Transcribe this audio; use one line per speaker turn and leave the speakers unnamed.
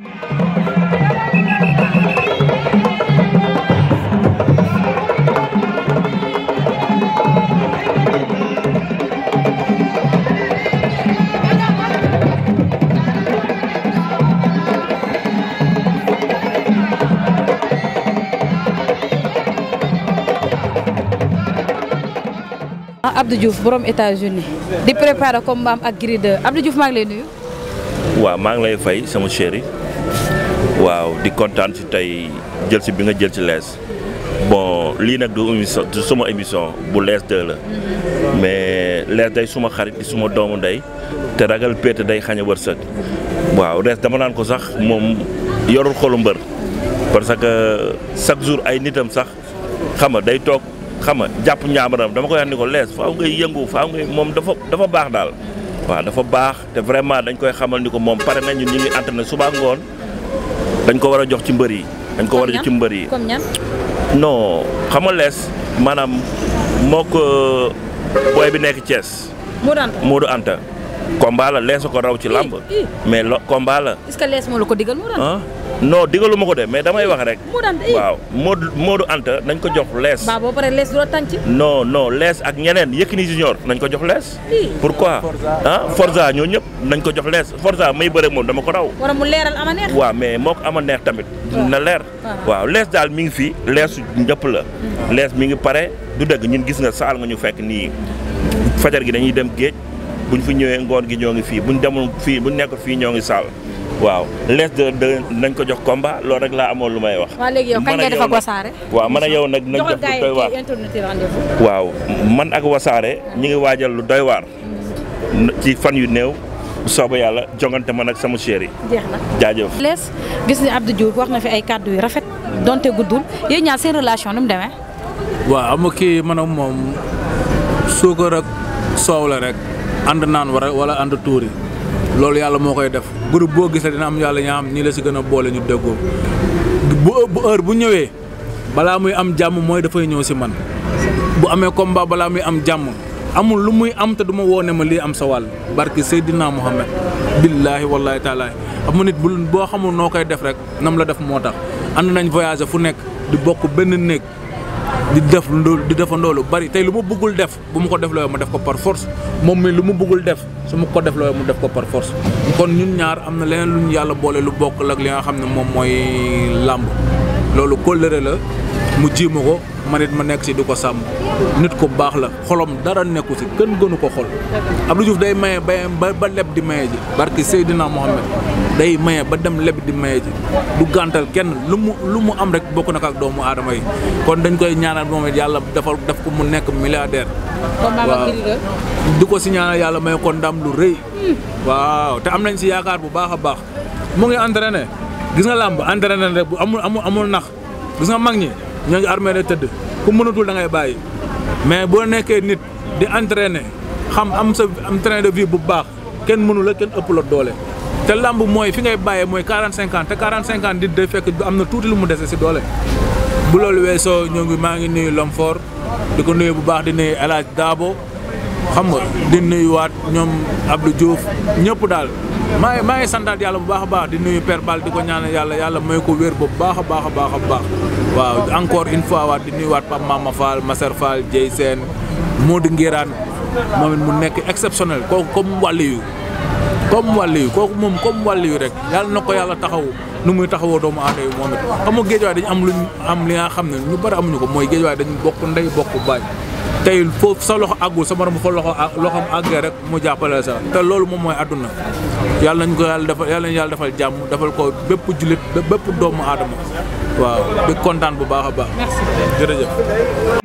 Ah, Abdou Diouf borom états di préparer combat am ak Gris 2 Abdou Diouf maa nuyu. waaw maa ngi lay fay sama chéri waaw di kontaan si tey jël si bi nga jël si lees bon lii nag du émission suma émission bu lees de la mais lees day suma xarit di suma doomu ndey te ragal péete day xañ a wërsëg waaw lees dama naan ko sax moom yorul xolu mbër parce que chaque jour ay nitam sax xam nga day toog xam nga jàpp ñaamaram dama koy wax ni ko lees faaw ngay yëngu faaw ngay moom dafa dafa baax daal waaw dafa baax te vraiment dañ koy xamal ni ko moom pare na ñun ñu ngi entraîné suba ngoon dañ ko war a jox ci mbër yi. dañ ko war a jox ci mbër yi non xam nga lees maanaam moo ko booy bi nekk cees Modou Anta combat la lees ko raw ci làmb mais lo combat la. lees moo la ko digal non digaluma ko de mais damay wax rek. Eh. waaw Modou Modou Anta nañ ko jox lees. waaw boo lees du la tànc. non lees ak ñeneen Yékini Junior nañ ko jox lees. pourquoi ah Forza ñoo ñëpp nañ ko jox lees Forza may bëre moom dama ko raw. waaw mais moo ko am neex tamit. na leer. waaw lees daal mi ngi fi lees ñëpp la. Hmm. lees mi ngi pare du dëgg ñun gis nga saal nga ñu fekk nii fajar gi dañuy dem géej buñ fi ñëwee ngoon gi ñoo ngi fii buñ demul fii buñ nekk fii ñoo ngi saal. waaw lees de nañ ko jox combat loolu rek laa amoon lu may wax. waaw léegi yow kañ man ak yow nag nañ def lu doy waar ak wasaare ñu ngi waajal lu doy waar. ci fan yu néew. sooba yàlla jongante man ak sama chéri yi. jeex na lees gis ni Abdou Diouf wax na fi ay kàddu yu rafet donte guddul yéen ñaar seen relation nu mu demee.
waaw am kii man ak moom suukar ak soow la rek ànd naan wala ànd tuuri. loolu yàlla moo koy def groupe boo gis dina am yàlla ñaa am ñii la si gën a boole ñu déggoo bu bu heure bu ñëwee balaa muy am jàmm mooy dafay ñëw si man bu amee combat balaa muy am jàmm amul lu muy am te du ma woo ma lii am sa wàll barki Seydina Mohamed billaahi wallaahi taalaahi amu nit bu boo xamul noo koy def rek nam la def moo tax ànd nañ voyager fu nekk di bokk benn néeg di def di defa ndoolu bari tey lu ma bëggul def bu ma ko def looyoo ma def ko par force moom mi lu ma buggul def su ma ko def looyoo mu def ko par force kon ñun ñaar am na leneen lu ñu yàlla boole lu bokk ak li nga xam ne moom mooy làmb loolu kóllëre la. mu jiima ko man it ma nekk si di ko sàmm nit ku baax la xolom dara nekku si kën gënu ko xol Abdou Diouf day maye ba ba leb di maye ji barki Seydina Mohamed day maye ba dem leb di maye ji du gàntal kenn lu mu lu mu am rek bokk na ko ak doomu aadama yi kon dañ koy ñaanal moom it yàlla dafa daf ko mu nekk milliardaire waaw di ko si ñaanal yàlla may ko ndam lu rëy hmm. waaw te am nañ si yaakaar bu baax a baax mu ngi entraîné gis nga làmb entraîné rek bu amul amul amul nax gis mag ñi ñoo ngi armée la tëdd ku mënatul da ngay bàyyi mais boo nekkee nit di entraîner xam am sa am train de vie bu baax kenn mënu la kenn ëpp la doole. te làmb mooy fi ngay bàyyee mooy quarante cinq ans te quarante cinq ans day fekk am na tuuti lu mu dese si doole. bu loolu weesoo ñoo ngi maa ngi nuyu Lomfor di ko nuyu bu baax di nuyu El Hadj xam nga di nuyuwaat ñoom lu Diouf ñëpp daal. maa ngi maa ngi santaat yàlla bu baax baax di nuyu Père Bal di ko ñaanal yàlla yàlla may ko wér bu baax baax baax a baax waaw encore une fois di nuyuwaat Pape Mama Fall Masser Fall Dieye Sène Modou Ngiraan moom it mu nekk exceptionnel kooku comme wàllu yu comme wàllu yu kooku moom comme wàllu yu rek yàlla na ko yàlla taxaw nu muy taxawoo doomu aada yi moom it xam nga géej waay dañu am li nga xam ne ñu bari amuñu ko mooy géej waay dañu bokk ndey bokk tey foofu sa loxo àggul sa morom fa loxo loxoom àggee rek mu jàppale sa te loolu moom mooy àdduna yàlla nañ ko yàlla defal yàlla nañ yàlla defal jàmm defal ko bépp jullit bépp doomu aadama waaw di kontaan bu baax a baax jërëjëf